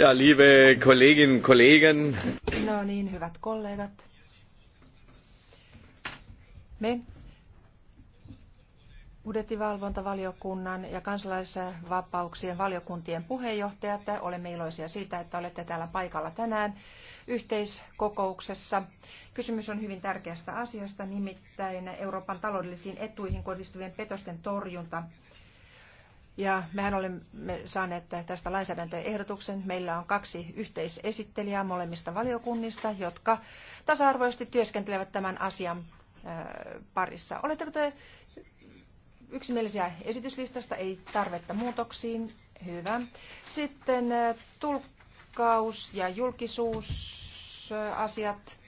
Ja, liebe Kolleginnen und Kollegen. No niin, hyvät kollegat. Me budjettivalvontavaliokunnan ja kansalaisvapauksien valiokuntien puheenjohtajat. Olemme iloisia siitä, että olette täällä paikalla tänään yhteiskokouksessa. Kysymys on hyvin tärkeästä asiasta, nimittäin Euroopan taloudellisiin etuihin kohdistuvien petosten torjunta ja mehän olemme saaneet tästä lainsäädäntöehdotuksen. Meillä on kaksi yhteisesittelijää molemmista valiokunnista, jotka tasa-arvoisesti työskentelevät tämän asian parissa. Oletteko te yksimielisiä esityslistasta? Ei tarvetta muutoksiin. Hyvä. Sitten tulkkaus ja julkisuusasiat.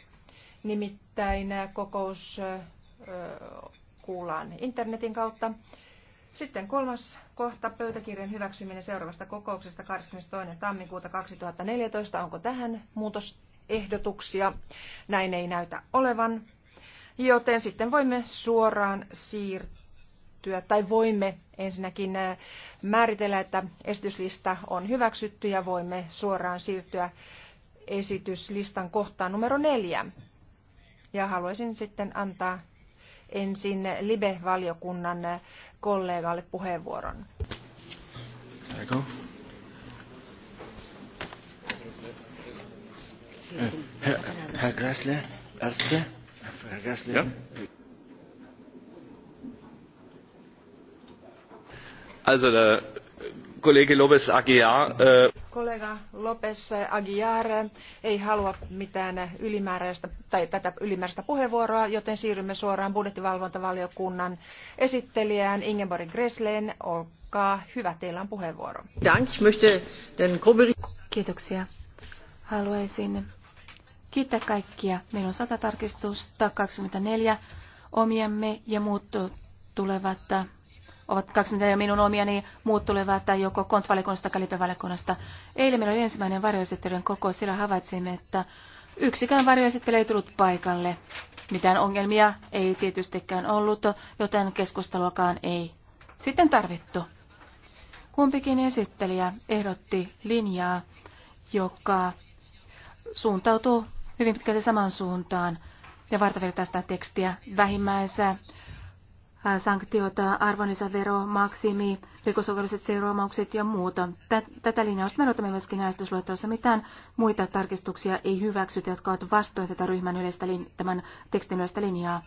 Nimittäin kokous kuullaan internetin kautta. Sitten kolmas kohta, pöytäkirjan hyväksyminen seuraavasta kokouksesta 22. tammikuuta 2014. Onko tähän muutosehdotuksia? Näin ei näytä olevan. Joten sitten voimme suoraan siirtyä, tai voimme ensinnäkin äh, määritellä, että esityslista on hyväksytty ja voimme suoraan siirtyä esityslistan kohtaan numero neljä. Ja haluaisin sitten antaa ensin Libe-valiokunnan kollegalle puheenvuoron. Eh, also der Kollege Lopez Aguiar äh, kollega lpez aguilar ei halua mitään ylimääräistä tai tätä ylimääräistä puheenvuoroa, joten siirrymme suoraan budjettivalvontavaliokunnan esittelijään Ingeborg Gresleen. Olkaa hyvä, teillä on puheenvuoro. Kiitoksia. Haluaisin kiittää kaikkia. Meillä on 100 tarkistusta, 24 omiamme ja muut tulevat ovat mitä minun omia, niin muut tulevat tai joko kontvalikunnasta tai lipevalikunnasta. Eilen meillä oli ensimmäinen varjoesittelyn koko, sillä havaitsimme, että yksikään varjoesittely ei tullut paikalle. Mitään ongelmia ei tietystikään ollut, joten keskusteluakaan ei sitten tarvittu. Kumpikin esittelijä ehdotti linjaa, joka suuntautuu hyvin pitkälti samaan suuntaan ja vartavirtaista tekstiä vähimmäisää sanktiota, arvonlisävero, maksimi, rikosoikeudelliset seuraamukset ja muuta. Tätä linjausta me otamme myöskin äänestysluettelossa. Mitään muita tarkistuksia ei hyväksytä, jotka ovat vastoin tätä ryhmän yleistä, tämän tekstin yleistä linjaa.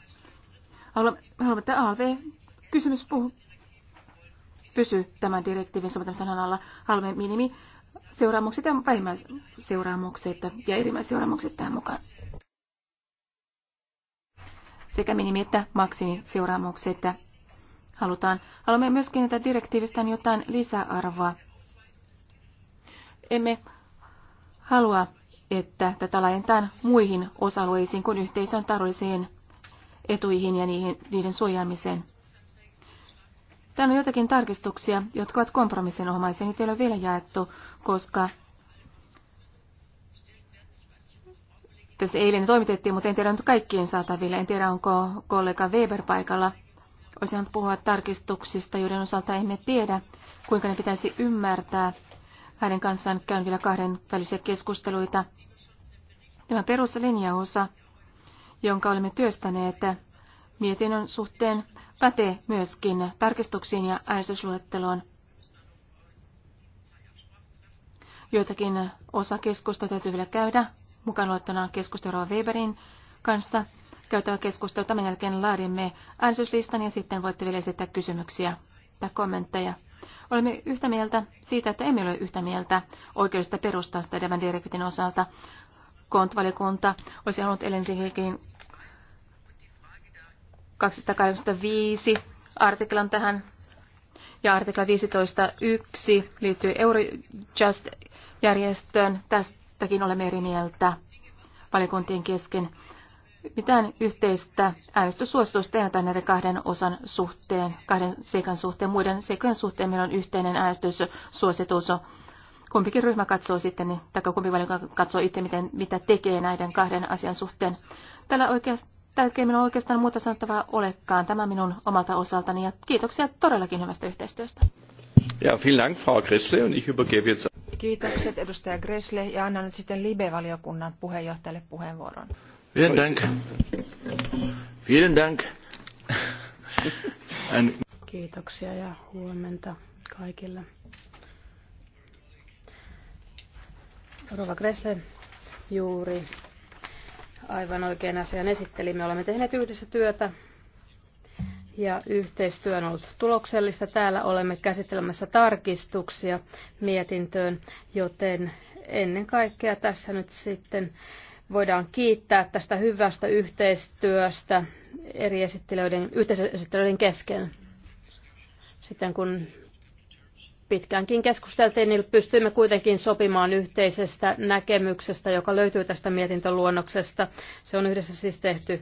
Haluamme, että ALV-kysymys puhuu pysy tämän direktiivin sanan alla. Haluamme minimi seuraamukset ja vähimmäisseuraamukset ja erimmäisseuraamukset tähän mukaan sekä minimi- että että Halutaan. Haluamme myöskin, että direktiivistä on jotain lisäarvoa. Emme halua, että tätä laajentaa muihin osa-alueisiin kuin yhteisön taloudellisiin etuihin ja niihin, niiden suojaamiseen. Täällä on jotakin tarkistuksia, jotka ovat kompromissinomaisia. Niitä ei ole vielä jaettu, koska tässä eilen toimitettiin, mutta en tiedä nyt kaikkien saatavilla. En tiedä, onko kollega Weber paikalla. Olisin halunnut puhua tarkistuksista, joiden osalta emme tiedä, kuinka ne pitäisi ymmärtää. Hänen kanssaan käyn vielä kahden välisiä keskusteluita. Tämä peruslinjaus, jonka olemme työstäneet mietinnön suhteen, pätee myöskin tarkistuksiin ja äänestysluetteloon. Joitakin osakeskusta täytyy vielä käydä, mukaan luettuna keskustelua Weberin kanssa käytävä keskustelu. Tämän jälkeen laadimme äänestyslistan ja sitten voitte vielä esittää kysymyksiä tai kommentteja. Olemme yhtä mieltä siitä, että emme ole yhtä mieltä oikeudesta perustasta tämän direktin osalta. Kontvalikunta olisi halunnut ensinnäkin 285 artiklan tähän ja artikla 15.1 liittyy Eurojust-järjestöön. Tästä tästäkin olemme eri mieltä valiokuntien kesken. Mitään yhteistä äänestyssuositusta ei näiden kahden osan suhteen, kahden seikan suhteen. Muiden seikojen suhteen meillä on yhteinen äänestyssuositus. Kumpikin ryhmä katsoo sitten, niin- tai kumpi valiokunta katsoo itse, miten, mitä tekee näiden kahden asian suhteen. Tällä oikeastaan Tälkeen minulla oikeastaan muuta sanottavaa olekaan. Tämä minun omalta osaltani ja kiitoksia todellakin hyvästä yhteistyöstä. Ja, vielen Dank, Frau Gressle, und ich übergebe jetzt... Kiitokset edustaja Gressle ja annan nyt sitten Libe-valiokunnan puheenjohtajalle puheenvuoron. Vielen dank. Vielen dank. Kiitoksia ja huomenta kaikille. Rova Gressle juuri aivan oikein asian esitteli. Me olemme tehneet yhdessä työtä ja yhteistyö on ollut tuloksellista. Täällä olemme käsittelemässä tarkistuksia mietintöön, joten ennen kaikkea tässä nyt sitten voidaan kiittää tästä hyvästä yhteistyöstä eri esittelyiden, yhteisesittelyiden kesken. Sitten kun pitkäänkin keskusteltiin, niin pystyimme kuitenkin sopimaan yhteisestä näkemyksestä, joka löytyy tästä mietintöluonnoksesta. Se on yhdessä siis tehty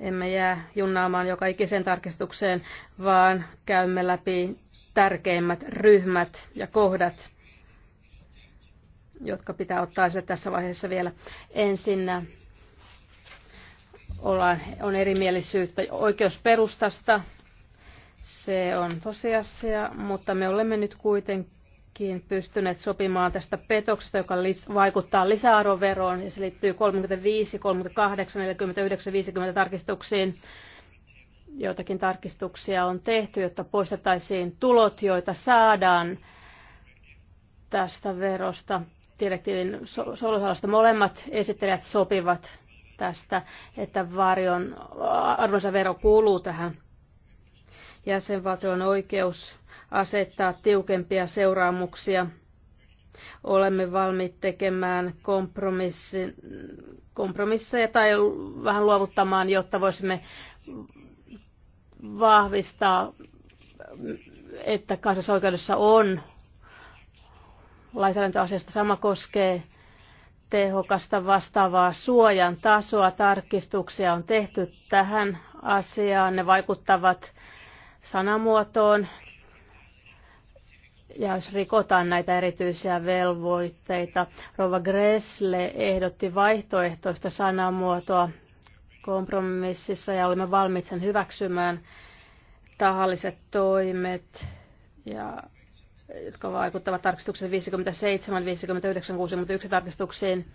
Emme jää junnaamaan joka ikisen tarkistukseen, vaan käymme läpi tärkeimmät ryhmät ja kohdat, jotka pitää ottaa esille tässä vaiheessa vielä. Ensinnä ollaan, on erimielisyyttä oikeusperustasta. Se on tosiasia, mutta me olemme nyt kuitenkin kiin pystyneet sopimaan tästä petoksesta, joka vaikuttaa lisäarvoveroon, ja se liittyy 35, 38, 49, 50 tarkistuksiin. Joitakin tarkistuksia on tehty, jotta poistettaisiin tulot, joita saadaan tästä verosta direktiivin sovellusalasta. Molemmat esittelijät sopivat tästä, että varjon arvonsa vero kuuluu tähän jäsenvaltion oikeus asettaa tiukempia seuraamuksia. Olemme valmiit tekemään kompromisseja tai vähän luovuttamaan, jotta voisimme vahvistaa, että kansallisoikeudessa on lainsäädäntöasiasta. Sama koskee tehokasta vastaavaa suojan tasoa. Tarkistuksia on tehty tähän asiaan. Ne vaikuttavat sanamuotoon, ja jos rikotaan näitä erityisiä velvoitteita. Rova Gressle ehdotti vaihtoehtoista sanamuotoa kompromississa ja olemme valmiit sen hyväksymään tahalliset toimet, ja, jotka vaikuttavat tarkistuksen 57, 59, 61 tarkistuksiin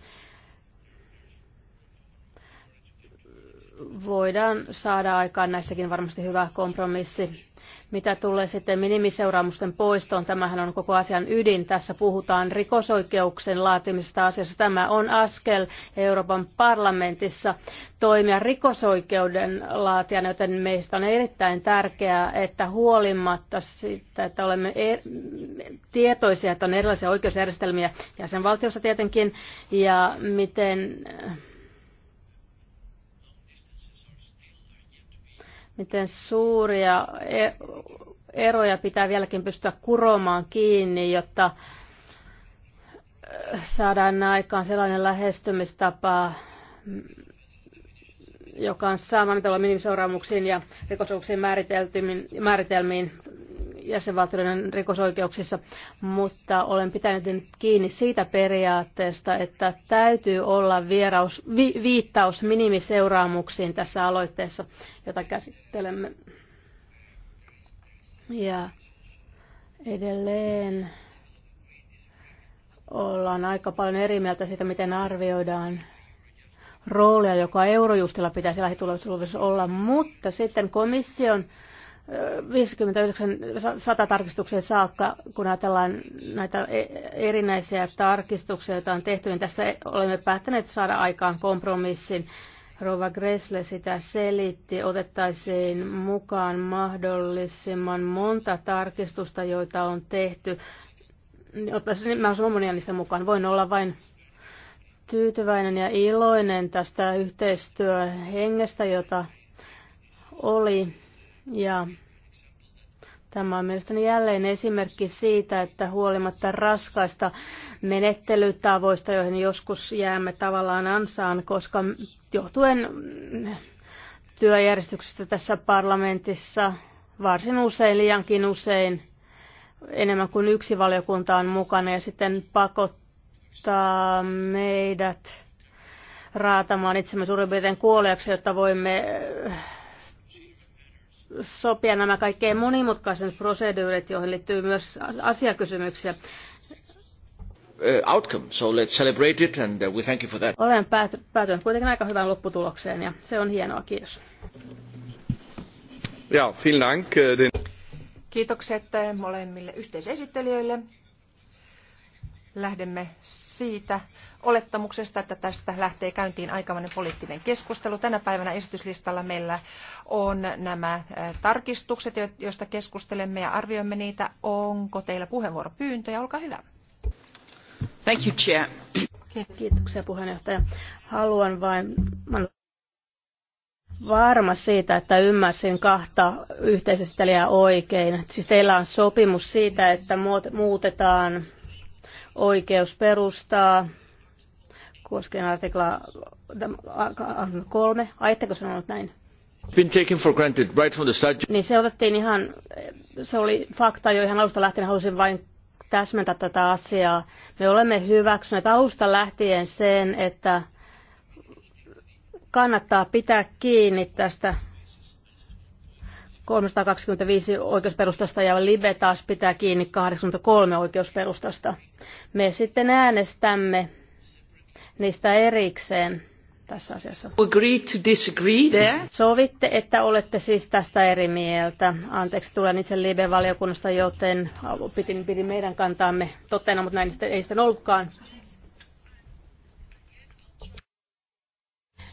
voidaan saada aikaan näissäkin varmasti hyvä kompromissi. Mitä tulee sitten minimiseuraamusten poistoon, tämähän on koko asian ydin. Tässä puhutaan rikosoikeuksen laatimisesta asiassa. Tämä on askel Euroopan parlamentissa toimia rikosoikeuden laatijana, joten meistä on erittäin tärkeää, että huolimatta siitä, että olemme er- tietoisia, että on erilaisia oikeusjärjestelmiä jäsenvaltiossa tietenkin, ja miten miten suuria e- eroja pitää vieläkin pystyä kuromaan kiinni, jotta saadaan aikaan sellainen lähestymistapa, joka on sama, mitä minimiseuraamuksiin ja rikosuuksiin määritelmiin jäsenvaltioiden rikosoikeuksissa, mutta olen pitänyt nyt kiinni siitä periaatteesta, että täytyy olla vieraus, vi, viittaus minimiseuraamuksiin tässä aloitteessa, jota käsittelemme. Ja edelleen ollaan aika paljon eri mieltä siitä, miten arvioidaan roolia, joka Eurojustilla pitäisi lähitulevaisuudessa olla, mutta sitten komission 59 tarkistuksen saakka, kun ajatellaan näitä e- erinäisiä tarkistuksia, joita on tehty, niin tässä olemme päättäneet saada aikaan kompromissin. Rova Gressle sitä selitti, otettaisiin mukaan mahdollisimman monta tarkistusta, joita on tehty. Niin Ottaisin, niin mä olen monia niistä mukaan. Voin olla vain tyytyväinen ja iloinen tästä yhteistyöhengestä, jota oli ja Tämä on mielestäni jälleen esimerkki siitä, että huolimatta raskaista menettelytavoista, joihin joskus jäämme tavallaan ansaan, koska johtuen työjärjestyksestä tässä parlamentissa varsin usein, liiankin usein, enemmän kuin yksi valiokunta on mukana ja sitten pakottaa meidät raatamaan itsemme suurin piirtein kuoleeksi, jotta voimme sopia nämä kaikkein monimutkaiset proseduurit, joihin liittyy myös asiakysymyksiä. Uh, outcome, so let's celebrate it and uh, we thank you for that. Olen päätynyt kuitenkin aika hyvään lopputulokseen ja se on hienoa. Kiitos. Ja, vielen Dank. Uh, Kiitokset molemmille yhteisesittelijöille lähdemme siitä olettamuksesta, että tästä lähtee käyntiin aikamoinen poliittinen keskustelu. Tänä päivänä esityslistalla meillä on nämä äh, tarkistukset, joista keskustelemme ja arvioimme niitä. Onko teillä puheenvuoropyyntöjä? Olkaa hyvä. Thank you, Chair. Kiitoksia puheenjohtaja. Haluan vain varma siitä, että ymmärsin kahta yhteisesittelijää oikein. Siis teillä on sopimus siitä, että muutetaan oikeus perustaa koskien artikla kolme. Aitteko sanonut näin? Been taken for granted right from the start. Niin se otettiin ihan, se oli fakta jo ihan alusta lähtien, halusin vain täsmentää tätä asiaa. Me olemme hyväksyneet alusta lähtien sen, että kannattaa pitää kiinni tästä 325 oikeusperustasta ja Libe taas pitää kiinni 83 oikeusperustasta. Me sitten äänestämme niistä erikseen tässä asiassa. Agree to disagree there. Sovitte, että olette siis tästä eri mieltä. Anteeksi, tulen itse Libe-valiokunnasta, joten pidin, pidin meidän kantaamme totena, mutta näin ei sitten ollutkaan.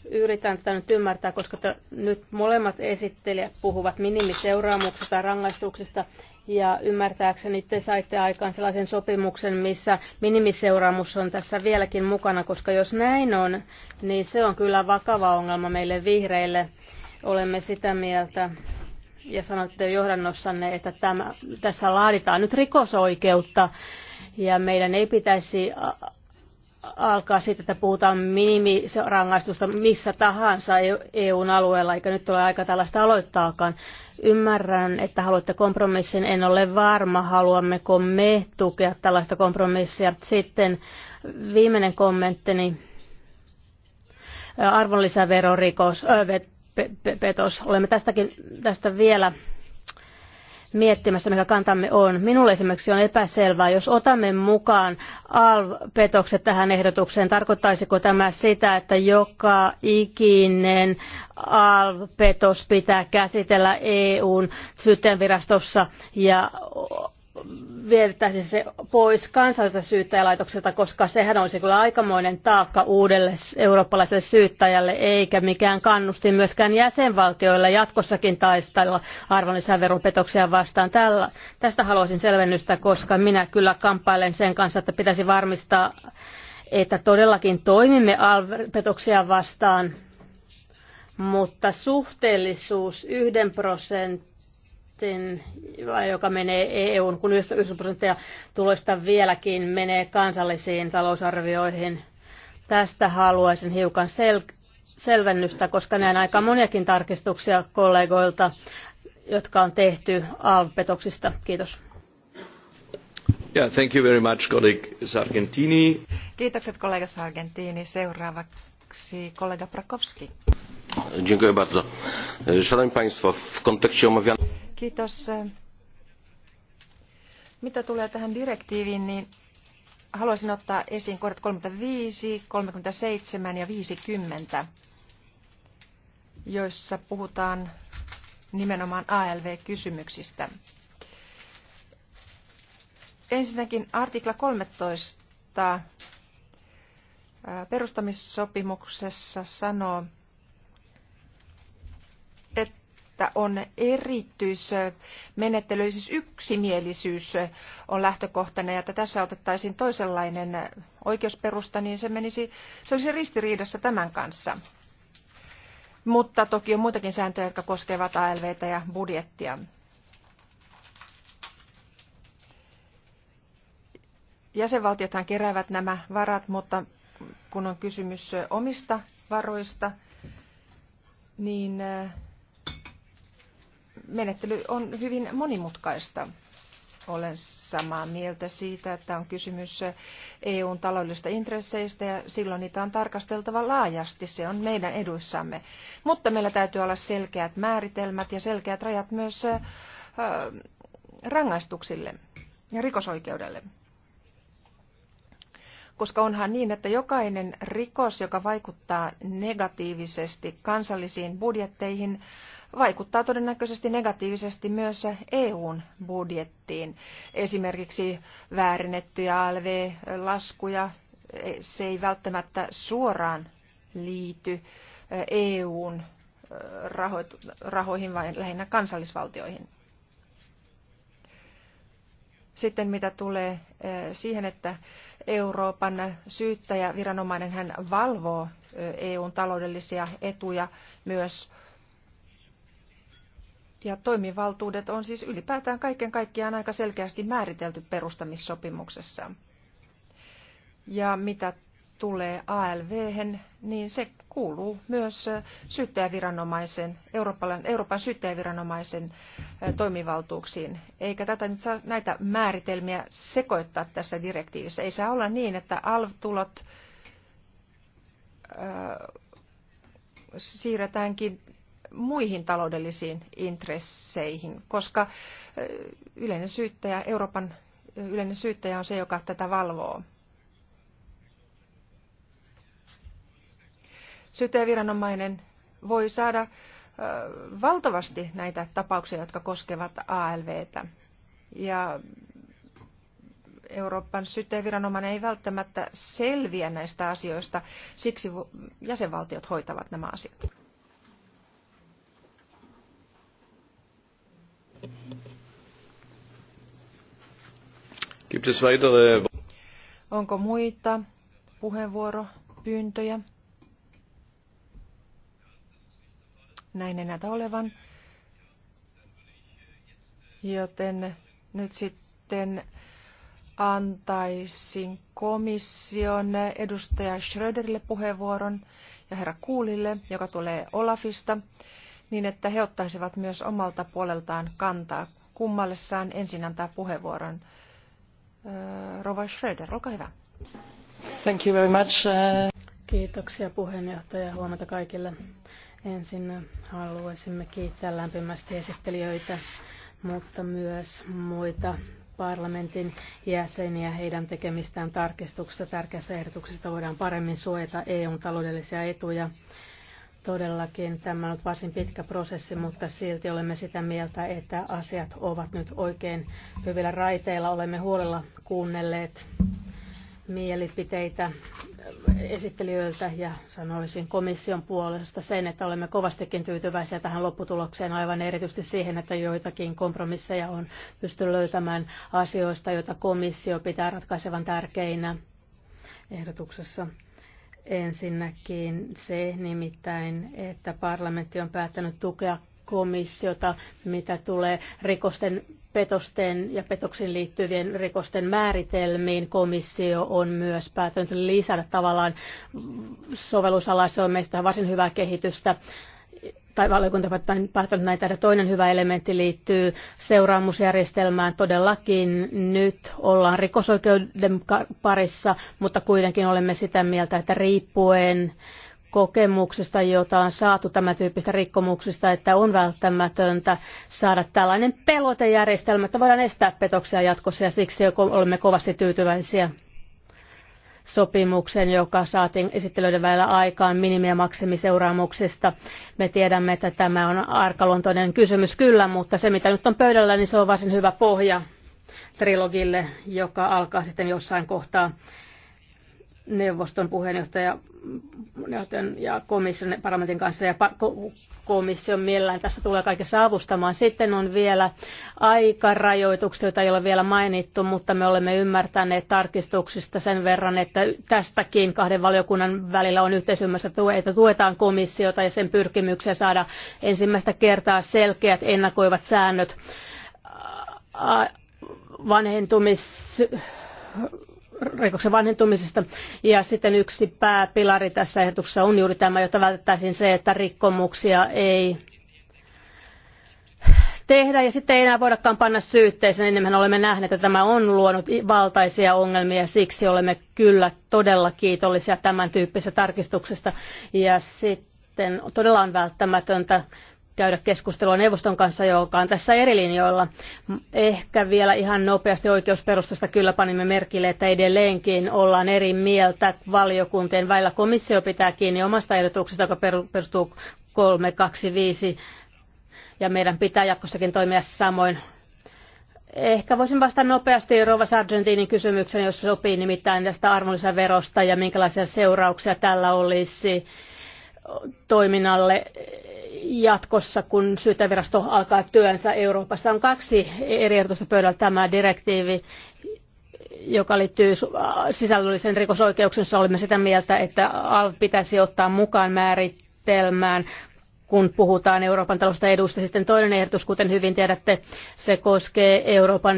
Yritän tätä nyt ymmärtää, koska te, nyt molemmat esittelijät puhuvat minimiseuraamuksista ja rangaistuksista, ja ymmärtääkseni te saitte aikaan sellaisen sopimuksen, missä minimiseuraamus on tässä vieläkin mukana, koska jos näin on, niin se on kyllä vakava ongelma meille vihreille. Olemme sitä mieltä, ja sanoitte johdannossanne, että tämä, tässä laaditaan nyt rikosoikeutta, ja meidän ei pitäisi alkaa siitä, että puhutaan minimirangaistusta missä tahansa e- EUn alueella, eikä nyt ole aika tällaista aloittaakaan. Ymmärrän, että haluatte kompromissin. En ole varma, haluammeko me tukea tällaista kompromissia. Sitten viimeinen kommenttini. Arvonlisäverorikos, öö, petos. Olemme tästäkin, tästä vielä miettimässä, mikä kantamme on. Minulle esimerkiksi on epäselvää, jos otamme mukaan ALV-petokset tähän ehdotukseen, tarkoittaisiko tämä sitä, että joka ikinen ALV-petos pitää käsitellä EUn syyttäjänvirastossa ja vietäisi se pois kansalliselta syyttäjälaitokselta, koska sehän olisi kyllä aikamoinen taakka uudelle eurooppalaiselle syyttäjälle, eikä mikään kannustin myöskään jäsenvaltioille jatkossakin taistella arvonlisäveropetoksia vastaan. Tällä, tästä haluaisin selvennystä, koska minä kyllä kamppailen sen kanssa, että pitäisi varmistaa, että todellakin toimimme petoksia vastaan, mutta suhteellisuus yhden prosentin prosentin, joka menee EUn, kun 90 prosenttia tuloista vieläkin menee kansallisiin talousarvioihin. Tästä haluaisin hiukan sel- selvennystä, koska näen aika moniakin tarkistuksia kollegoilta, jotka on tehty alpetoksista. Kiitos. Yeah, thank you very much, colleague Sargentini. Kiitokset kollega Sargentini. Seuraavaksi kollega Prakowski. Kiitos. Mitä tulee tähän direktiiviin, niin haluaisin ottaa esiin kohdat 35, 37 ja 50, joissa puhutaan nimenomaan ALV-kysymyksistä. Ensinnäkin artikla kolmetoista perustamissopimuksessa sanoo, että on erityismenettely, siis yksimielisyys on lähtökohtana ja että tässä otettaisiin toisenlainen oikeusperusta, niin se, menisi, se olisi ristiriidassa tämän kanssa. Mutta toki on muitakin sääntöjä, jotka koskevat ALVtä ja budjettia. Jäsenvaltiothan keräävät nämä varat, mutta kun on kysymys omista varoista, niin menettely on hyvin monimutkaista. Olen samaa mieltä siitä, että on kysymys EUn taloudellisista intresseistä ja silloin niitä on tarkasteltava laajasti. Se on meidän eduissamme. Mutta meillä täytyy olla selkeät määritelmät ja selkeät rajat myös rangaistuksille ja rikosoikeudelle. Koska onhan niin, että jokainen rikos, joka vaikuttaa negatiivisesti kansallisiin budjetteihin, vaikuttaa todennäköisesti negatiivisesti myös EUn budjettiin. Esimerkiksi väärennettyjä ALV-laskuja, se ei välttämättä suoraan liity EUn rahoihin, vaan lähinnä kansallisvaltioihin. Sitten mitä tulee siihen, että Euroopan syyttäjä viranomainen hän valvoo EUn taloudellisia etuja myös ja toimivaltuudet on siis ylipäätään kaiken kaikkiaan aika selkeästi määritelty perustamissopimuksessa. Ja mitä tulee alv niin se kuuluu myös syyttäjäviranomaisen, Euroopan, Euroopan syyttäjäviranomaisen toimivaltuuksiin. Eikä tätä nyt saa näitä määritelmiä sekoittaa tässä direktiivissä. Ei saa olla niin, että alv-tulot siirretäänkin muihin taloudellisiin intresseihin, koska yleinen syyttäjä, Euroopan yleinen syyttäjä on se, joka tätä valvoo. Syyttäjäviranomainen voi saada valtavasti näitä tapauksia, jotka koskevat ALVtä. Ja Euroopan syyttäjäviranomainen ei välttämättä selviä näistä asioista, siksi jäsenvaltiot hoitavat nämä asiat. Gibt es weitere... Onko muita puheenvuoropyyntöjä? Näin ei näytä olevan. Joten nyt sitten antaisin komission edustaja Schröderille puheenvuoron ja herra Kuulille, joka tulee Olafista niin että he ottaisivat myös omalta puoleltaan kantaa. Kummalle saan ensin antaa puheenvuoron. Äh, Rova Schröder, olkaa hyvä. Thank you very much. Uh, Kiitoksia puheenjohtaja huomenta kaikille. Ensin haluaisimme kiittää lämpimästi esittelijöitä, mutta myös muita parlamentin jäseniä heidän tekemistään tarkistuksista tärkeässä ehdotuksesta voidaan paremmin suojata EUn taloudellisia etuja Todellakin tämä on varsin pitkä prosessi, mutta silti olemme sitä mieltä, että asiat ovat nyt oikein hyvillä raiteilla. Olemme huolella kuunnelleet mielipiteitä esittelijöiltä ja sanoisin komission puolesta sen, että olemme kovastikin tyytyväisiä tähän lopputulokseen, aivan erityisesti siihen, että joitakin kompromisseja on pystynyt löytämään asioista, joita komissio pitää ratkaisevan tärkeinä ehdotuksessa. Ensinnäkin se nimittäin, että parlamentti on päättänyt tukea komissiota, mitä tulee rikosten, petosten ja petoksiin liittyvien rikosten määritelmiin. Komissio on myös päättänyt lisätä tavallaan sovellusalaa. meistä varsin hyvää kehitystä tai valiokunta on päättänyt näitä. että toinen hyvä elementti liittyy seuraamusjärjestelmään. Todellakin nyt ollaan rikosoikeuden parissa, mutta kuitenkin olemme sitä mieltä, että riippuen kokemuksesta, jota on saatu tämän tyyppistä rikkomuksista, että on välttämätöntä saada tällainen pelotejärjestelmä, että voidaan estää petoksia jatkossa ja siksi olemme kovasti tyytyväisiä sopimuksen, joka saatiin esittelyiden välillä aikaan minimi- ja maksimiseuraamuksista. Me tiedämme, että tämä on arkaluontoinen kysymys kyllä, mutta se mitä nyt on pöydällä, niin se on varsin hyvä pohja trilogille, joka alkaa sitten jossain kohtaa neuvoston puheenjohtaja ja komission, parlamentin kanssa ja komission mielellään tässä tulee kaikessa avustamaan. Sitten on vielä aikarajoitukset, joita ei ole vielä mainittu, mutta me olemme ymmärtäneet tarkistuksista sen verran, että tästäkin kahden valiokunnan välillä on yhteisymmärrys, että tuetaan komissiota ja sen pyrkimyksiä saada ensimmäistä kertaa selkeät ennakoivat säännöt vanhentumis rikoksen vanhentumisesta. Ja sitten yksi pääpilari tässä ehdotuksessa on juuri tämä, jota vältettäisiin se, että rikkomuksia ei tehdä ja sitten ei enää voidakaan panna syytteeseen. Enemmän olemme nähneet, että tämä on luonut valtaisia ongelmia ja siksi olemme kyllä todella kiitollisia tämän tyyppisestä tarkistuksesta. Ja sitten todella on välttämätöntä käydä keskustelua neuvoston kanssa, joka on tässä eri linjoilla. Ehkä vielä ihan nopeasti oikeusperustasta kyllä panimme merkille, että edelleenkin ollaan eri mieltä valiokuntien väillä. Komissio pitää kiinni omasta ehdotuksesta, joka perustuu 325 ja meidän pitää jatkossakin toimia samoin. Ehkä voisin vastata nopeasti Rova Sargentinin kysymykseen, jos sopii nimittäin tästä arvonlisäverosta ja minkälaisia seurauksia tällä olisi toiminnalle jatkossa, kun syyttävirasto alkaa työnsä Euroopassa. On kaksi eri ehdotusta pöydällä tämä direktiivi, joka liittyy sisällöllisen rikosoikeuksien, olemme sitä mieltä, että ALV pitäisi ottaa mukaan määritelmään kun puhutaan Euroopan talousta edusta. Sitten toinen ehdotus, kuten hyvin tiedätte, se koskee Euroopan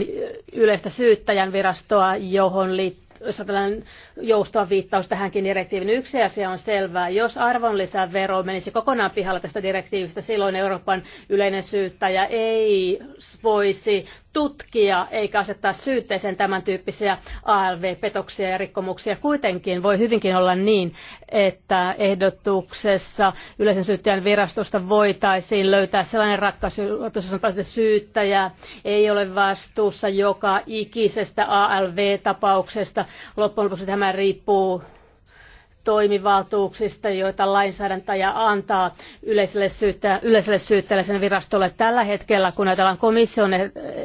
yleistä syyttäjän virastoa, johon liittyy jos on tällainen joustava viittaus tähänkin direktiivin. Niin yksi asia on selvää. Jos arvonlisävero menisi kokonaan pihalle tästä direktiivistä, silloin Euroopan yleinen syyttäjä ei voisi tutkia eikä asettaa syytteeseen tämän tyyppisiä ALV-petoksia ja rikkomuksia. Kuitenkin voi hyvinkin olla niin, että ehdotuksessa yleisen syyttäjän virastosta voitaisiin löytää sellainen ratkaisu, jossa on syyttäjä ei ole vastuussa joka ikisestä ALV-tapauksesta. Loppujen lopuksi tämä riippuu toimivaltuuksista, joita lainsäädäntäjä antaa yleiselle, syyttä, yleiselle syyttäjälle sen virastolle tällä hetkellä, kun ajatellaan komission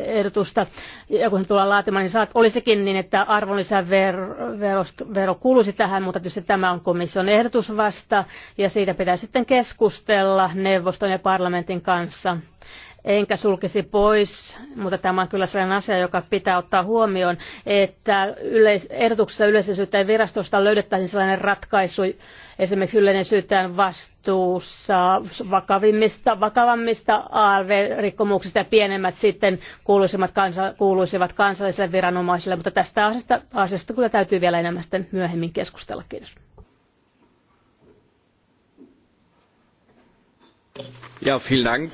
ehdotusta ja kun se tullaan laatimaan, niin saat, olisikin niin, että arvonlisävero kuuluisi tähän, mutta tietysti tämä on komission ehdotus vasta ja siitä pitää sitten keskustella neuvoston ja parlamentin kanssa enkä sulkisi pois, mutta tämä on kyllä sellainen asia, joka pitää ottaa huomioon, että yleis- ehdotuksessa yleisesyyttäjän virastosta löydettäisiin sellainen ratkaisu, esimerkiksi yleinen syyttäjän vastuussa vakavimmista, vakavammista ALV-rikkomuksista ja pienemmät sitten kuuluisivat, kansa- kuuluisivat kansalliselle viranomaisille, mutta tästä asiasta, asiasta kyllä täytyy vielä enemmän sitten myöhemmin keskustella. Kiitos. Ja, vielen Dank.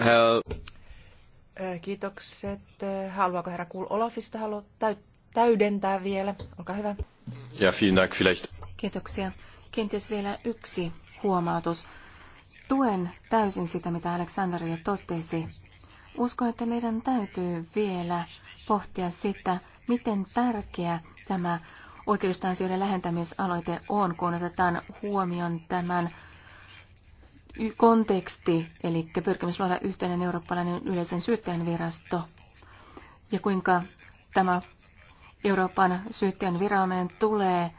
Herr... Kiitokset. Haluaako herra Kuul Olafista haluaa täydentää vielä? Olkaa hyvä. Ja vielen Dank vielleicht. Kiitoksia. Kenties vielä yksi huomautus. Tuen täysin sitä, mitä Aleksanderi jo totesi. Uskon, että meidän täytyy vielä pohtia sitä, miten tärkeä tämä oikeudellisten asioiden lähentämisaloite on, kun otetaan huomioon tämän konteksti, eli pyrkimys luoda yhteinen eurooppalainen yleisen syyttäjän virasto, ja kuinka tämä Euroopan syyttäjän viranomainen tulee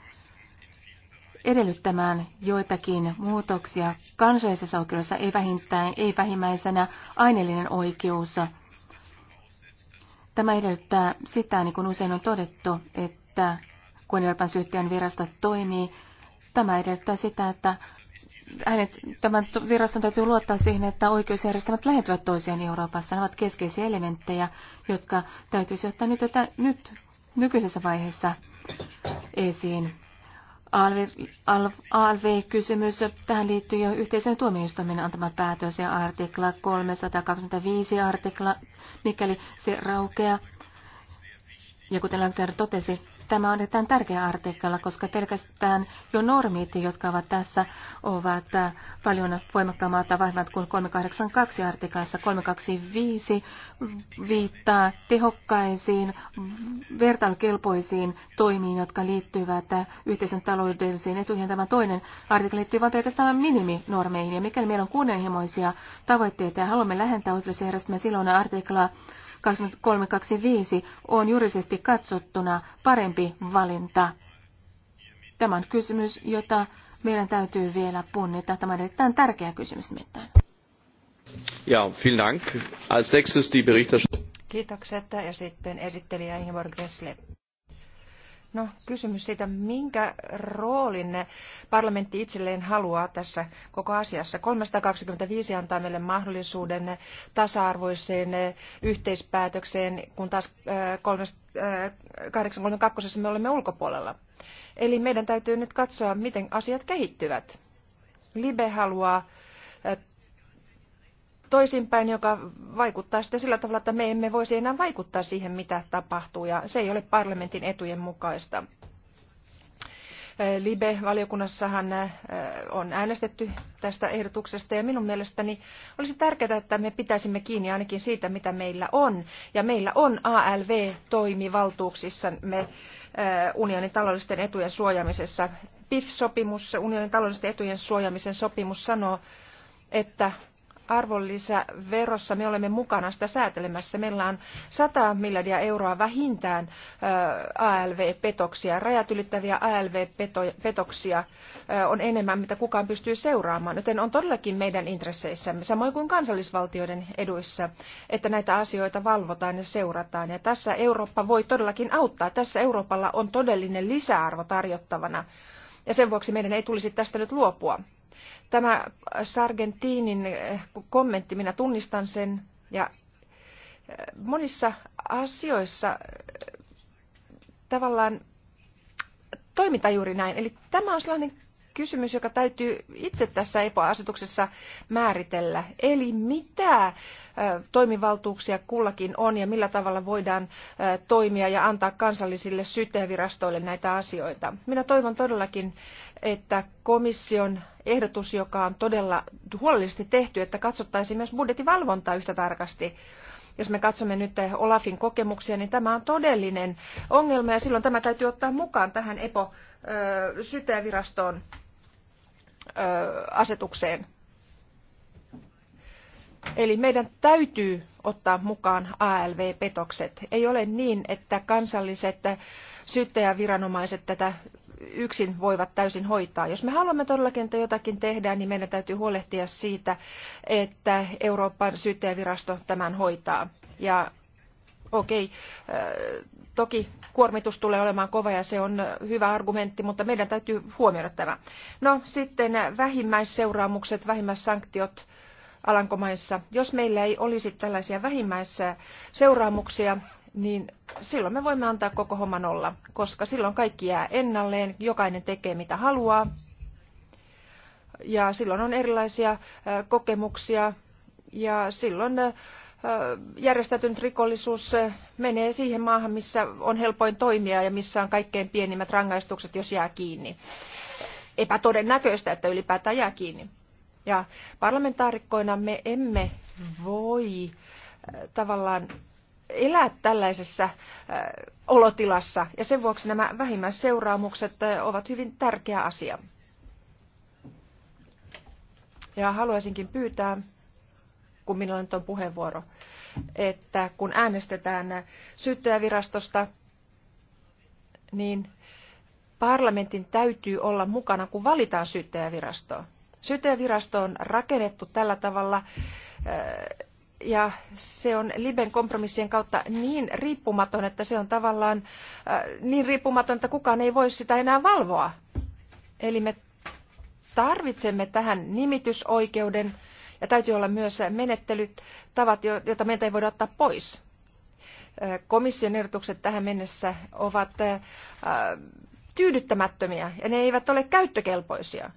edellyttämään joitakin muutoksia kansallisessa oikeudessa, ei vähintään, ei vähimmäisenä aineellinen oikeus. Tämä edellyttää sitä, niin kuin usein on todettu, että kun Euroopan syyttäjän virasto toimii, tämä edellyttää sitä, että hänet, tämän viraston täytyy luottaa siihen, että oikeusjärjestelmät lähentyvät toisiaan Euroopassa. Ne ovat keskeisiä elementtejä, jotka täytyisi ottaa nyt, että nyt nykyisessä vaiheessa esiin. ALV-kysymys. Tähän liittyy jo yhteisön tuomioistuimen antama päätös ja artikla 325 artikla, mikäli se raukeaa. Ja kuten Lanser totesi, Tämä on erittäin tärkeä artikkella, koska pelkästään jo normit, jotka ovat tässä, ovat äh, paljon voimakkaammat tai vahvemmat kuin 382 artiklassa. 325 viittaa tehokkaisiin, vertailukelpoisiin toimiin, jotka liittyvät äh, yhteisön taloudellisiin etuihin. Tämä toinen artikli liittyy vain pelkästään miniminormeihin. Ja mikäli meillä on kunnianhimoisia tavoitteita ja haluamme lähentää oikeusjärjestelmää, silloin artikla 2325 on juridisesti katsottuna parempi valinta. Tämä on kysymys, jota meidän täytyy vielä punnita. Tämä on erittäin tärkeä kysymys nimittäin. Ja, vielen Dank. Als nächstes die Berichterstatterin. Kiitokset ja sitten esittelijä Ingeborg Gressle. No, kysymys siitä, minkä roolin parlamentti itselleen haluaa tässä koko asiassa. 325 antaa meille mahdollisuuden tasa-arvoiseen eh, yhteispäätökseen, kun taas 832 eh, eh, me olemme ulkopuolella. Eli meidän täytyy nyt katsoa, miten asiat kehittyvät. Libe haluaa toisinpäin, joka vaikuttaa sitten sillä tavalla, että me emme voisi enää vaikuttaa siihen, mitä tapahtuu, ja se ei ole parlamentin etujen mukaista. Libe-valiokunnassahan on äänestetty tästä ehdotuksesta ja minun mielestäni olisi tärkeää, että me pitäisimme kiinni ainakin siitä, mitä meillä on. Ja meillä on alv me unionin taloudellisten etujen suojaamisessa. PIF-sopimus, unionin taloudellisten etujen suojaamisen sopimus sanoo, että arvonlisäverossa me olemme mukana sitä säätelemässä. Meillä on 100 miljardia euroa vähintään ALV-petoksia, rajat ylittäviä ALV-petoksia on enemmän, mitä kukaan pystyy seuraamaan, joten on todellakin meidän intresseissämme, samoin kuin kansallisvaltioiden eduissa, että näitä asioita valvotaan ja seurataan. Ja tässä Eurooppa voi todellakin auttaa. Tässä Euroopalla on todellinen lisäarvo tarjottavana. Ja sen vuoksi meidän ei tulisi tästä nyt luopua. Tämä Sargentinin eh, kommentti, minä tunnistan sen ja eh, monissa asioissa eh, tavallaan toiminta juuri näin. Eli tämä on sellainen kysymys, joka täytyy itse tässä EPA-asetuksessa määritellä. Eli mitä toimivaltuuksia kullakin on ja millä tavalla voidaan toimia ja antaa kansallisille syyttäjävirastoille näitä asioita. Minä toivon todellakin, että komission ehdotus, joka on todella huolellisesti tehty, että katsottaisiin myös budjettivalvontaa yhtä tarkasti jos me katsomme nyt eh, Olafin kokemuksia, niin tämä on todellinen ongelma ja silloin tämä täytyy ottaa mukaan tähän EPO-syteevirastoon asetukseen. Eli meidän täytyy ottaa mukaan ALV-petokset. Ei ole niin, että kansalliset syyttäjäviranomaiset tätä yksin voivat täysin hoitaa. Jos me haluamme todellakin, että jotakin tehdään, niin meidän täytyy huolehtia siitä, että Euroopan syyttäjävirasto tämän hoitaa. Ja okei, äh, toki kuormitus tulee olemaan kova ja se on hyvä argumentti, mutta meidän täytyy huomioida tämä. No sitten vähimmäisseuraamukset, vähimmäissanktiot. Alankomaissa. Jos meillä ei olisi tällaisia vähimmäisseuraamuksia, niin silloin me voimme antaa koko homman olla, koska silloin kaikki jää ennalleen, jokainen tekee mitä haluaa. Ja silloin on erilaisia äh, kokemuksia ja silloin äh, järjestäytynyt rikollisuus menee siihen maahan, missä on helpoin toimia ja missä on kaikkein pienimmät rangaistukset, jos jää kiinni. Epätodennäköistä, että ylipäätään jää kiinni. Ja parlamentaarikkoina me emme voi tavallaan elää tällaisessa olotilassa ja sen vuoksi nämä vähimmäisseuraamukset ovat hyvin tärkeä asia. Ja haluaisinkin pyytää kun minulla nyt on puheenvuoro, että kun äänestetään syyttäjävirastosta, niin parlamentin täytyy olla mukana, kun valitaan syyttäjävirastoa. Syyttäjävirasto on rakennettu tällä tavalla eh, ja se on Liben kompromissien kautta niin riippumaton, että se on tavallaan eh, niin riippumaton, että kukaan ei voi sitä enää valvoa. Eli me tarvitsemme tähän nimitysoikeuden ja täytyy olla myös menettelytavat, joita meiltä ei voida ottaa pois. Komission ehdotukset tähän mennessä ovat tyydyttämättömiä ja ne eivät ole käyttökelpoisia.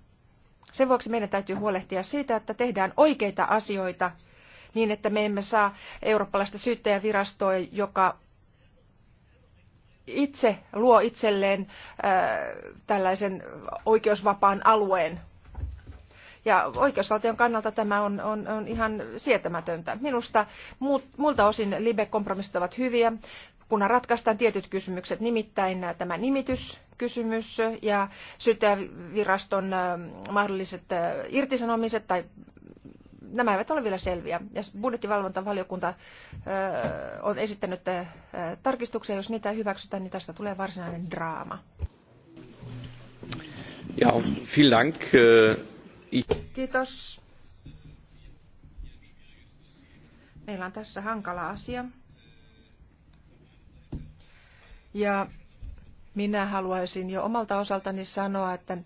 Sen vuoksi meidän täytyy huolehtia siitä, että tehdään oikeita asioita niin, että me emme saa eurooppalaista syyttäjävirastoa, joka itse luo itselleen tällaisen oikeusvapaan alueen ja oikeusvaltion kannalta tämä on, on, on ihan sietämätöntä. Minusta muut, muilta osin Libe-kompromissit ovat hyviä, kunhan ratkaistaan tietyt kysymykset, nimittäin tämä nimityskysymys ja syyttäjäviraston mahdolliset irtisanomiset tai nämä eivät ole vielä selviä. Ja budjettivalvontavaliokunta on esittänyt tarkistuksia, jos niitä ei hyväksytä, niin tästä tulee varsinainen draama. Ja, vielen Dank. Äh, Kiitos. Meillä on tässä hankala asia. Ja minä haluaisin jo omalta osaltani sanoa, että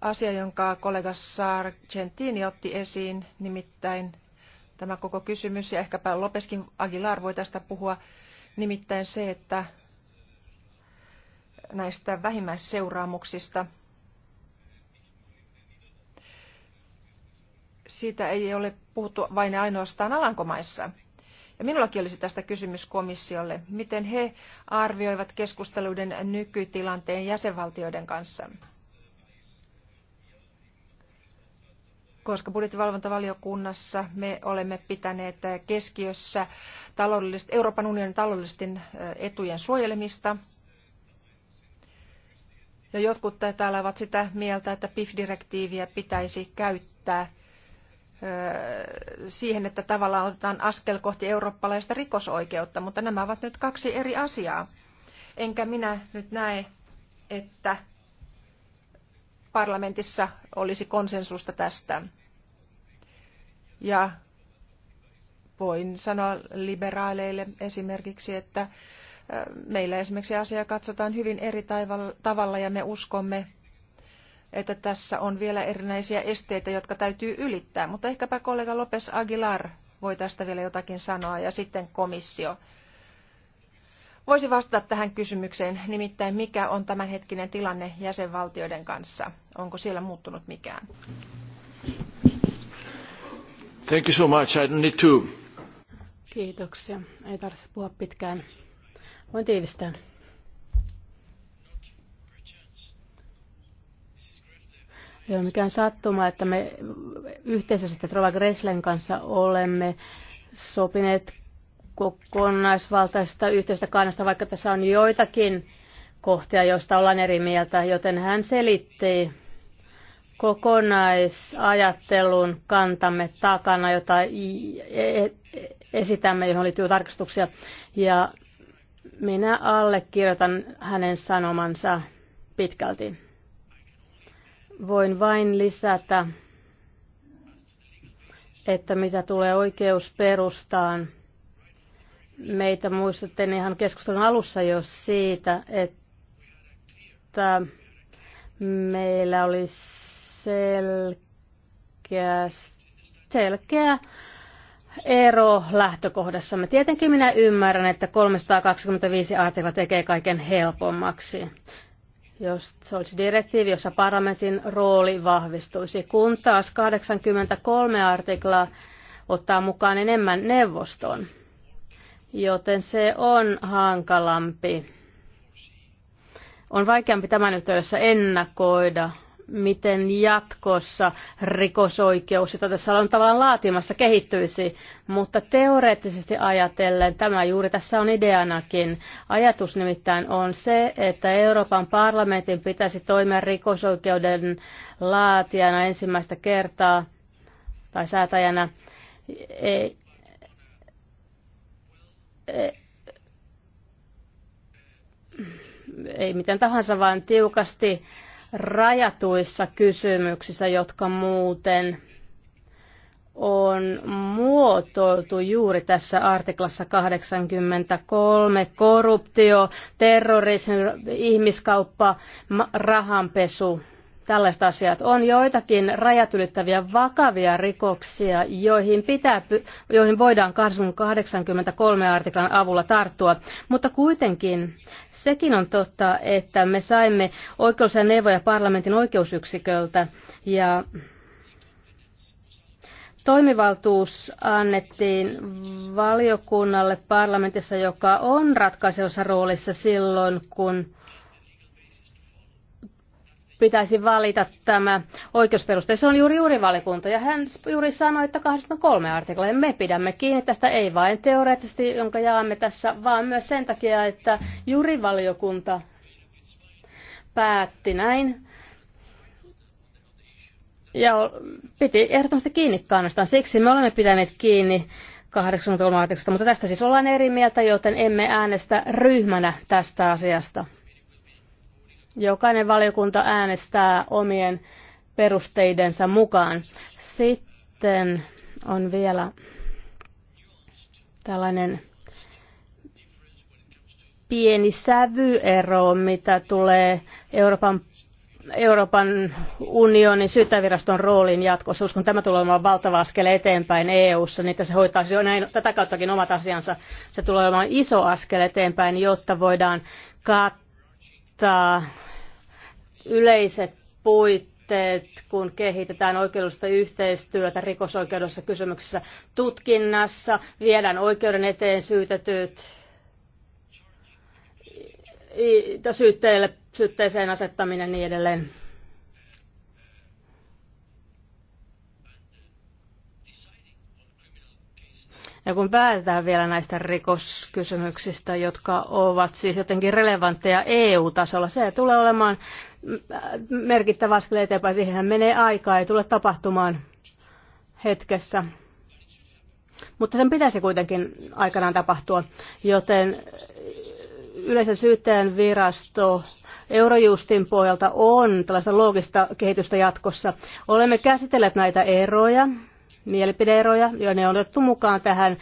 asia, jonka kollega Sargentini otti esiin, nimittäin tämä koko kysymys, ja ehkäpä Lopeskin Aguilar voi tästä puhua, nimittäin se, että näistä vähimmäisseuraamuksista siitä ei ole puhuttu vain ainoastaan Alankomaissa. Ja minullakin olisi tästä kysymys komissiolle. Miten he arvioivat keskusteluiden nykytilanteen jäsenvaltioiden kanssa? koska budjettivalvontavaliokunnassa me olemme pitäneet keskiössä Euroopan unionin taloudellisten etujen suojelemista. Ja jotkut täällä ovat sitä mieltä, että PIF-direktiiviä pitäisi käyttää siihen, että tavallaan otetaan askel kohti eurooppalaista rikosoikeutta, mutta nämä ovat nyt kaksi eri asiaa. Enkä minä nyt näe, että parlamentissa olisi konsensusta tästä. Ja voin sanoa liberaaleille esimerkiksi, että meillä esimerkiksi asia katsotaan hyvin eri tavalla ja me uskomme että tässä on vielä erinäisiä esteitä, jotka täytyy ylittää. Mutta ehkäpä kollega Lopes Aguilar voi tästä vielä jotakin sanoa ja sitten komissio voisi vastata tähän kysymykseen, nimittäin mikä on tämänhetkinen tilanne jäsenvaltioiden kanssa? Onko siellä muuttunut mikään? Thank you so much. I need to. Kiitoksia. Ei tarvitse puhua pitkään. Voin tiivistää. Ei ole mikään sattuma, että me yhteisesti Trova Greslen kanssa olemme sopineet kokonaisvaltaisesta yhteistä kannasta, vaikka tässä on joitakin kohtia, joista ollaan eri mieltä, joten hän selitti kokonaisajattelun kantamme takana, jota e- e- esitämme, johon liittyy tarkastuksia. Ja minä allekirjoitan hänen sanomansa pitkälti. Voin vain lisätä, että mitä tulee oikeusperustaan, meitä muistatte ihan keskustelun alussa jo siitä, että meillä oli selkeä, selkeä ero lähtökohdassamme. Tietenkin minä ymmärrän, että 325 artikla tekee kaiken helpommaksi jos se olisi direktiivi, jossa parlamentin rooli vahvistuisi, kun taas 83 artiklaa ottaa mukaan enemmän neuvoston, joten se on hankalampi. On vaikeampi tämän yhteydessä ennakoida miten jatkossa rikosoikeus, jota tässä on tavallaan laatimassa, kehittyisi. Mutta teoreettisesti ajatellen, tämä juuri tässä on ideanakin, ajatus nimittäin on se, että Euroopan parlamentin pitäisi toimia rikosoikeuden laatijana ensimmäistä kertaa tai säätäjänä. E, e, ei, ei, ei miten tahansa, vaan tiukasti rajatuissa kysymyksissä, jotka muuten on muotoiltu juuri tässä artiklassa 83, korruptio, terrorismi, ihmiskauppa, rahanpesu tällaiset asiat. On joitakin rajat ylittäviä vakavia rikoksia, joihin, pitää, joihin voidaan 83 artiklan avulla tarttua. Mutta kuitenkin sekin on totta, että me saimme oikeus- ja neuvoja parlamentin oikeusyksiköltä ja Toimivaltuus annettiin valiokunnalle parlamentissa, joka on ratkaisevassa roolissa silloin, kun pitäisi valita tämä oikeusperuste. Se on juuri juuri valikunta ja hän juuri sanoi, että 23 artikla. Me pidämme kiinni tästä ei vain teoreettisesti, jonka jaamme tässä, vaan myös sen takia, että juuri valiokunta päätti näin. Ja piti ehdottomasti kiinni kannastaan. Siksi me olemme pitäneet kiinni 83 artiklasta, mutta tästä siis ollaan eri mieltä, joten emme äänestä ryhmänä tästä asiasta. Jokainen valiokunta äänestää omien perusteidensa mukaan. Sitten on vielä tällainen pieni sävyero, mitä tulee Euroopan, Euroopan unionin syyttäviraston roolin jatkossa. Uskon, että tämä tulee olemaan valtava askel eteenpäin EU-ssa, niin että se hoitaisi jo näin, tätä kauttakin omat asiansa. Se tulee olemaan iso askel eteenpäin, jotta voidaan kattaa yleiset puitteet, kun kehitetään oikeudellista yhteistyötä rikosoikeudessa kysymyksissä tutkinnassa, viedään oikeuden eteen syytetyt syytteille, syytteeseen asettaminen ja niin edelleen. Ja kun päätetään vielä näistä rikoskysymyksistä, jotka ovat siis jotenkin relevantteja EU-tasolla, se tulee olemaan mm, äh, merkittävä askel eteenpäin. Siihenhän menee aikaa, ei tule tapahtumaan hetkessä. Mutta sen pitäisi kuitenkin aikanaan tapahtua, joten yleisen syyttäjän virasto Eurojustin pohjalta on tällaista loogista kehitystä jatkossa. Olemme käsitelleet näitä eroja, mielipideeroja, ja ne on otettu mukaan tähän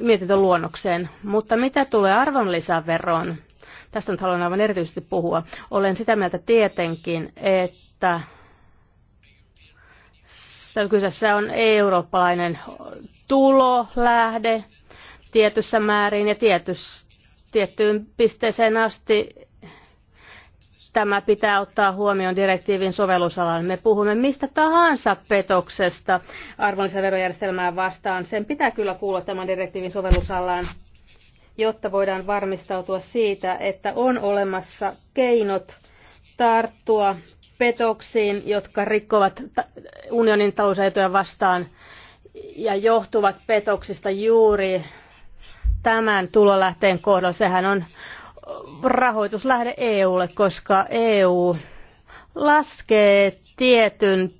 mietintön luonnokseen. Mutta mitä tulee arvonlisäveroon? Tästä nyt haluan aivan erityisesti puhua. Olen sitä mieltä tietenkin, että kyseessä on eurooppalainen tulolähde tietyssä määrin ja tietyssä, tiettyyn pisteeseen asti Tämä pitää ottaa huomioon direktiivin sovellusalan. Me puhumme mistä tahansa petoksesta arvonlisäverojärjestelmää vastaan. Sen pitää kyllä kuulla tämän direktiivin sovellusalaan, jotta voidaan varmistautua siitä, että on olemassa keinot tarttua petoksiin, jotka rikkovat unionin talousajatoja vastaan ja johtuvat petoksista juuri tämän tulolähteen kohdalla. Sehän on rahoituslähde EUlle, koska EU laskee tietyn,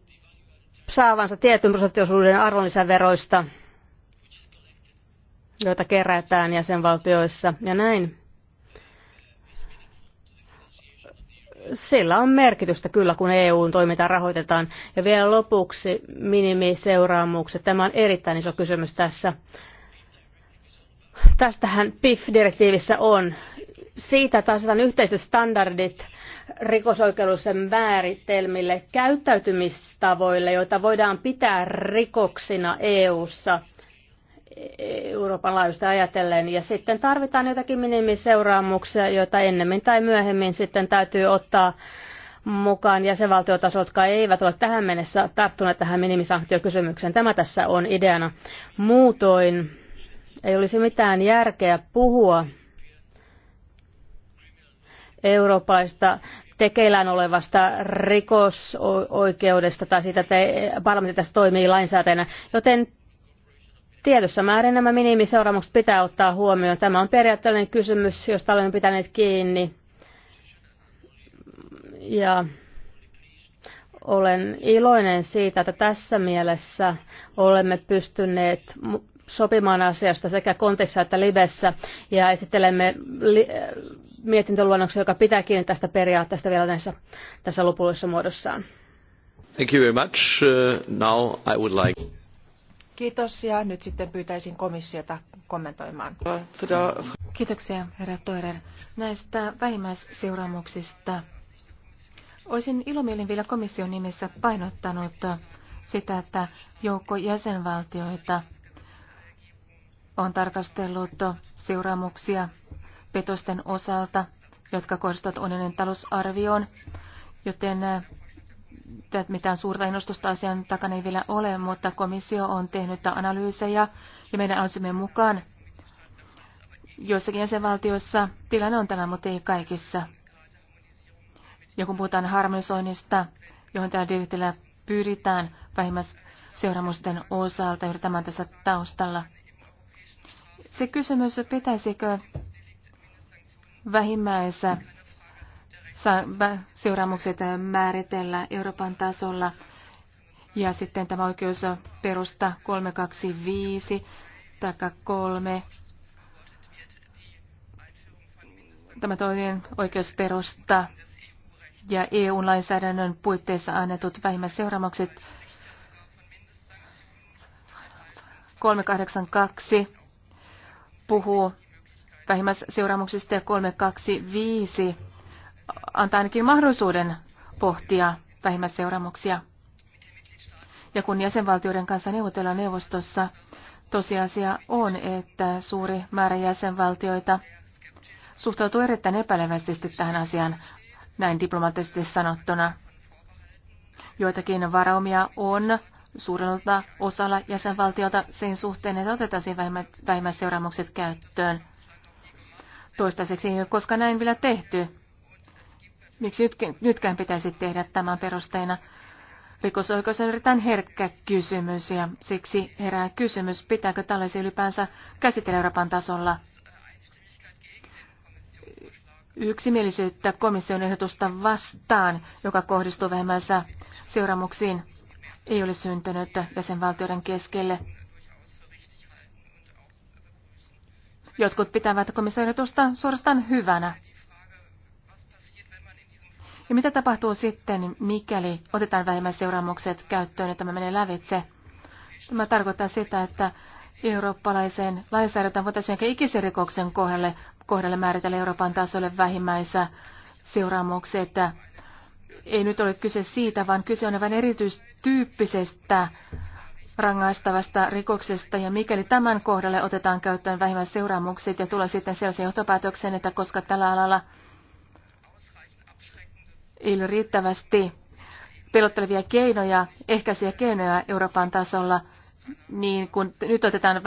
saavansa tietyn prosenttiosuuden arvonlisäveroista, joita kerätään jäsenvaltioissa ja näin. Sillä on merkitystä kyllä, kun EUn toimintaa rahoitetaan. Ja vielä lopuksi minimiseuraamukset. Tämä on erittäin iso kysymys tässä Tästähän PIF-direktiivissä on. Siitä asetetaan yhteiset standardit rikosoikeudellisen määritelmille käyttäytymistavoille, joita voidaan pitää rikoksina EU-ssa Euroopan laajuisesti ajatellen. Ja sitten tarvitaan jotakin minimiseuraamuksia, joita ennemmin tai myöhemmin sitten täytyy ottaa mukaan jäsenvaltiotasot, jotka eivät ole tähän mennessä tarttuneet tähän minimisanktiokysymykseen. Tämä tässä on ideana. Muutoin ei olisi mitään järkeä puhua eurooppalaista tekeillään olevasta rikosoikeudesta tai siitä, että parlamentti tässä toimii lainsäätäjänä. Joten tietyssä määrin nämä minimiseuraamukset pitää ottaa huomioon. Tämä on periaatteellinen kysymys, josta olemme pitäneet kiinni. Ja olen iloinen siitä, että tässä mielessä olemme pystyneet sopimaan asiasta sekä kontissa että livessä ja esittelemme li- äh, mietintöluonnoksen, joka pitää kiinni tästä periaatteesta vielä näissä, tässä lopullisessa muodossaan. Thank you very much. Uh, now I would like... Kiitos ja nyt sitten pyytäisin komissiota kommentoimaan. Kiitoksia herra Toirer näistä vähimmäisseuraamuksista. Olisin ilomielin vielä komission nimessä painottanut sitä, että joukko jäsenvaltioita on tarkastellut seuraamuksia petosten osalta, jotka kohdistuvat onnellinen talousarvioon, joten mitään suurta innostusta asian takana ei vielä ole, mutta komissio on tehnyt analyysejä ja meidän analyysimme mukaan joissakin jäsenvaltioissa tilanne on tämä, mutta ei kaikissa. Ja kun puhutaan harmonisoinnista, johon tällä direktiivillä pyritään vähimmäisseuraamusten osalta juuri tämän tässä taustalla – se kysymys, pitäisikö vähimmäisä seuraamukset määritellä Euroopan tasolla ja sitten tämä oikeus perusta 325 tai 3 tämä toinen oikeusperusta ja EU-lainsäädännön puitteissa annetut vähimmäisseuraamukset 382 puhuu vähimmäisseuraamuksista ja 325 antaa ainakin mahdollisuuden pohtia vähimmäisseuraamuksia. Ja kun jäsenvaltioiden kanssa neuvotellaan neuvostossa, tosiasia on, että suuri määrä jäsenvaltioita suhtautuu erittäin epäilevästi tähän asiaan, näin diplomaattisesti sanottuna. Joitakin varaumia on suurelta osalla jäsenvaltiota sen suhteen, että otettaisiin seuraamukset käyttöön. Toistaiseksi ei ole koskaan näin vielä tehty. Miksi nytkään pitäisi tehdä tämän perusteena? Rikosoikeus on erittäin herkkä kysymys ja siksi herää kysymys, pitääkö tällaisia ylipäänsä käsitellä Euroopan tasolla. Yksimielisyyttä komission ehdotusta vastaan, joka kohdistuu vähemmänsä seuraamuksiin ei ole syntynyt jäsenvaltioiden keskelle. Jotkut pitävät komissioitusta suorastaan hyvänä. Ja mitä tapahtuu sitten, mikäli otetaan vähemmän seuraamukset käyttöön ja tämä menee lävitse? Tämä tarkoittaa sitä, että eurooppalaiseen lainsäädäntöön voitaisiin ehkä ikisen rikoksen kohdalle, kohdalle määritellä Euroopan tasolle vähimmäisä seuraamukset ei nyt ole kyse siitä, vaan kyse on aivan erityistyyppisestä rangaistavasta rikoksesta, ja mikäli tämän kohdalle otetaan käyttöön vähimmät seuraamukset ja tulee sitten sellaisen johtopäätöksen, että koska tällä alalla ei ole riittävästi pelottelevia keinoja, ehkäisiä keinoja Euroopan tasolla, niin kun nyt otetaan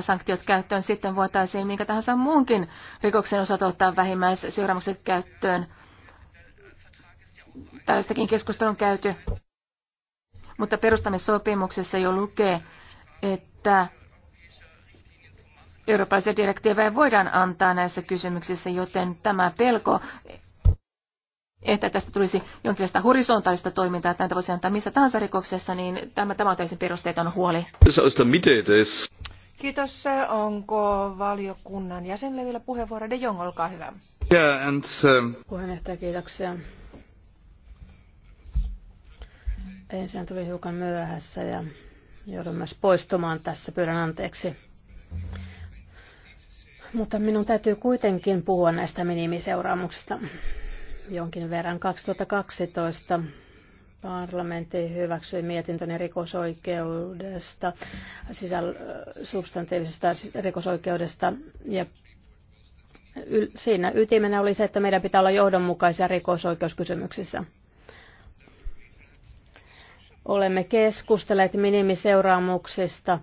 sanktiot käyttöön, sitten voitaisiin minkä tahansa muunkin rikoksen osalta ottaa vähimmäisseuraamukset käyttöön tällaistakin keskustelua on käyty. Mutta perustamissopimuksessa jo lukee, että eurooppalaisia direktiivejä voidaan antaa näissä kysymyksissä, joten tämä pelko, että tästä tulisi jonkinlaista horisontaalista toimintaa, että näitä voisi antaa missä tahansa rikoksessa, niin tämä, tämä on täysin perusteeton huoli. Kiitos. Onko valiokunnan jäsenille vielä puheenvuoro? De Jong, olkaa hyvä. Yeah, and, um... Puheenjohtaja, kiitoksia. Ensin tuli hiukan myöhässä ja joudun myös poistumaan tässä, pyydän anteeksi. Mutta minun täytyy kuitenkin puhua näistä minimiseuraamuksista jonkin verran. 2012 parlamentti hyväksyi mietintöni rikosoikeudesta, sisäl- substantiivisesta rikosoikeudesta ja siinä ytimenä oli se, että meidän pitää olla johdonmukaisia rikosoikeuskysymyksissä. Olemme keskustelleet minimiseuraamuksista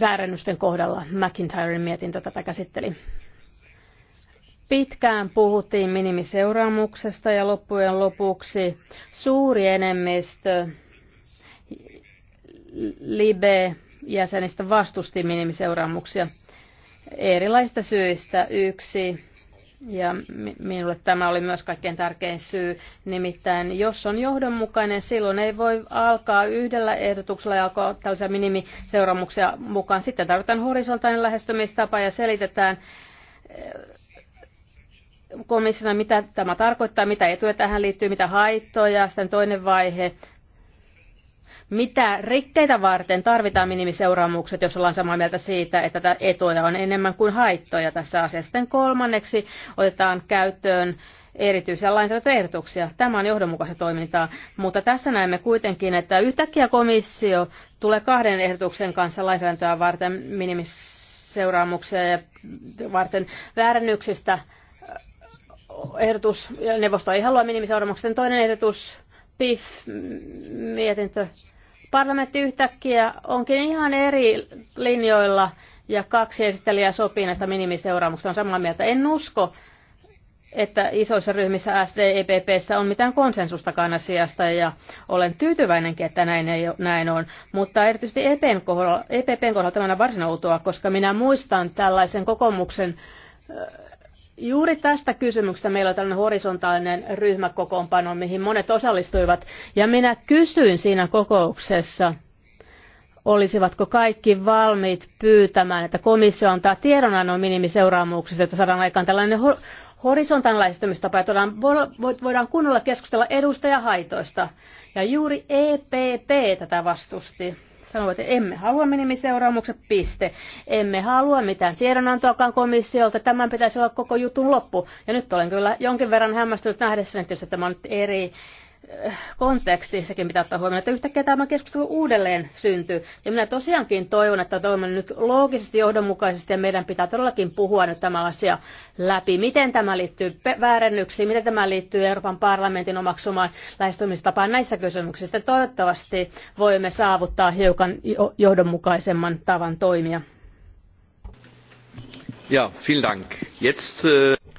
väärennysten kohdalla. McIntyren mietintö tätä käsitteli. Pitkään puhuttiin minimiseuraamuksesta ja loppujen lopuksi suuri enemmistö Libe-jäsenistä vastusti minimiseuraamuksia erilaisista syistä. Yksi ja minulle tämä oli myös kaikkein tärkein syy. Nimittäin, jos on johdonmukainen, silloin ei voi alkaa yhdellä ehdotuksella ja alkaa tällaisia minimiseuraamuksia mukaan. Sitten tarvitaan horisontainen lähestymistapa ja selitetään eh, komissiona, mitä tämä tarkoittaa, mitä etuja tähän liittyy, mitä haittoja. Sitten toinen vaihe mitä rikkeitä varten tarvitaan minimiseuraamukset, jos ollaan samaa mieltä siitä, että tätä etuja on enemmän kuin haittoja tässä asiassa. Sitten kolmanneksi otetaan käyttöön erityisiä lainsäädäntöehdotuksia. Tämä on johdonmukaista toimintaa, mutta tässä näemme kuitenkin, että yhtäkkiä komissio tulee kahden ehdotuksen kanssa lainsäädäntöä varten minimiseuraamuksia ja varten väärännyksistä äh, ehdotus, neuvosto ei halua minimiseuraamuksia, toinen ehdotus, PIF, mm, mietintö Parlamentti yhtäkkiä onkin ihan eri linjoilla ja kaksi esittelijää sopii näistä minimiseuraamuksista on samaa mieltä. En usko, että isoissa ryhmissä SDEPPssä on mitään konsensustakaan asiasta ja olen tyytyväinenkin, että näin, ei, näin on. Mutta erityisesti EPn kohdalla, EPPn kohdalla tämä on varsin outoa, koska minä muistan tällaisen kokoomuksen Juuri tästä kysymyksestä meillä on tällainen horisontaalinen ryhmäkokoonpano, mihin monet osallistuivat. Ja minä kysyin siinä kokouksessa, olisivatko kaikki valmiit pyytämään, että komissio antaa tiedonannon minimiseuraamuksista, että saadaan aikaan tällainen horisontan lähestymistapa, että voidaan kunnolla keskustella edustajahaitoista. Ja juuri EPP tätä vastusti sanoivat, että emme halua minimiseuraamukset, piste. Emme halua mitään tiedonantoakaan komissiolta, tämän pitäisi olla koko jutun loppu. Ja nyt olen kyllä jonkin verran hämmästynyt nähdessä, että tämä on nyt eri konteksti, sekin pitää ottaa huomioon, että yhtäkkiä tämä keskustelu uudelleen syntyy. Ja minä tosiaankin toivon, että toimin nyt loogisesti, johdonmukaisesti ja meidän pitää todellakin puhua nyt tämä asia läpi. Miten tämä liittyy väärennyksiin, miten tämä liittyy Euroopan parlamentin omaksumaan lähestymistapaan näissä kysymyksissä. Toivottavasti voimme saavuttaa hiukan johdonmukaisemman tavan toimia. Ja, vielen Dank. Jetzt, äh...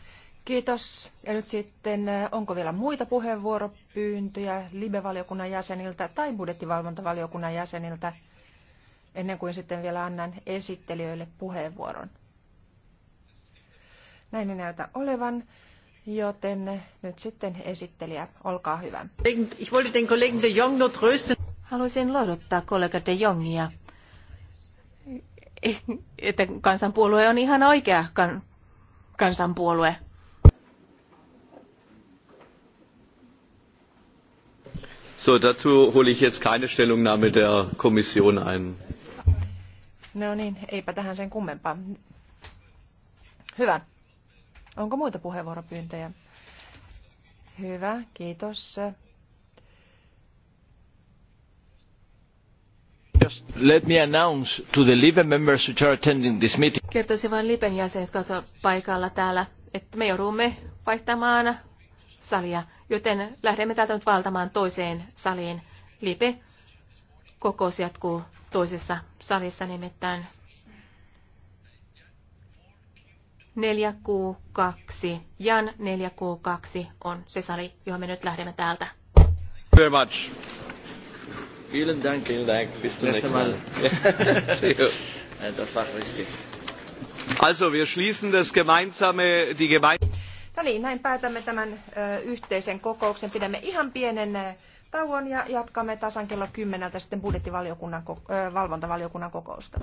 Kiitos. Ja nyt sitten, äh, onko vielä muita puheenvuoropyyntöjä Libe-valiokunnan jäseniltä tai budjettivalvontavaliokunnan jäseniltä, ennen kuin sitten vielä annan esittelijöille puheenvuoron? Näin ei näytä olevan, joten nyt sitten esittelijä, olkaa hyvä. Haluaisin lohduttaa kollega de Jongia, että kansanpuolue on ihan oikea kan- kansanpuolue So, dazu hole ich jetzt keine Stellungnahme der Kommission ein. No niin, Hyvä. Onko muita puheenvuoropyyntöjä? Hyvä, kiitos. let me announce to the Libe members which are attending this meeting. Kertoisin vain Liben jäsenet, jotka ovat paikalla täällä, että me joudumme vaihtamaan salia. Joten lähdemme täältä nyt valtamaan toiseen saliin. Lipe kokous jatkuu toisessa salissa nimittäin 4Q2. Jan 4Q2 on se sali, johon me nyt lähdemme täältä. Very much. Vielen Dank, vielen Dank. Bis zum nächsten Mal. Das war richtig. Also, wir schließen das gemeinsame, die gemeinsame. No niin, näin päätämme tämän yhteisen kokouksen. Pidämme ihan pienen tauon ja jatkamme tasan kello kymmeneltä sitten budjettivaliokunnan valvontavaliokunnan kokousta.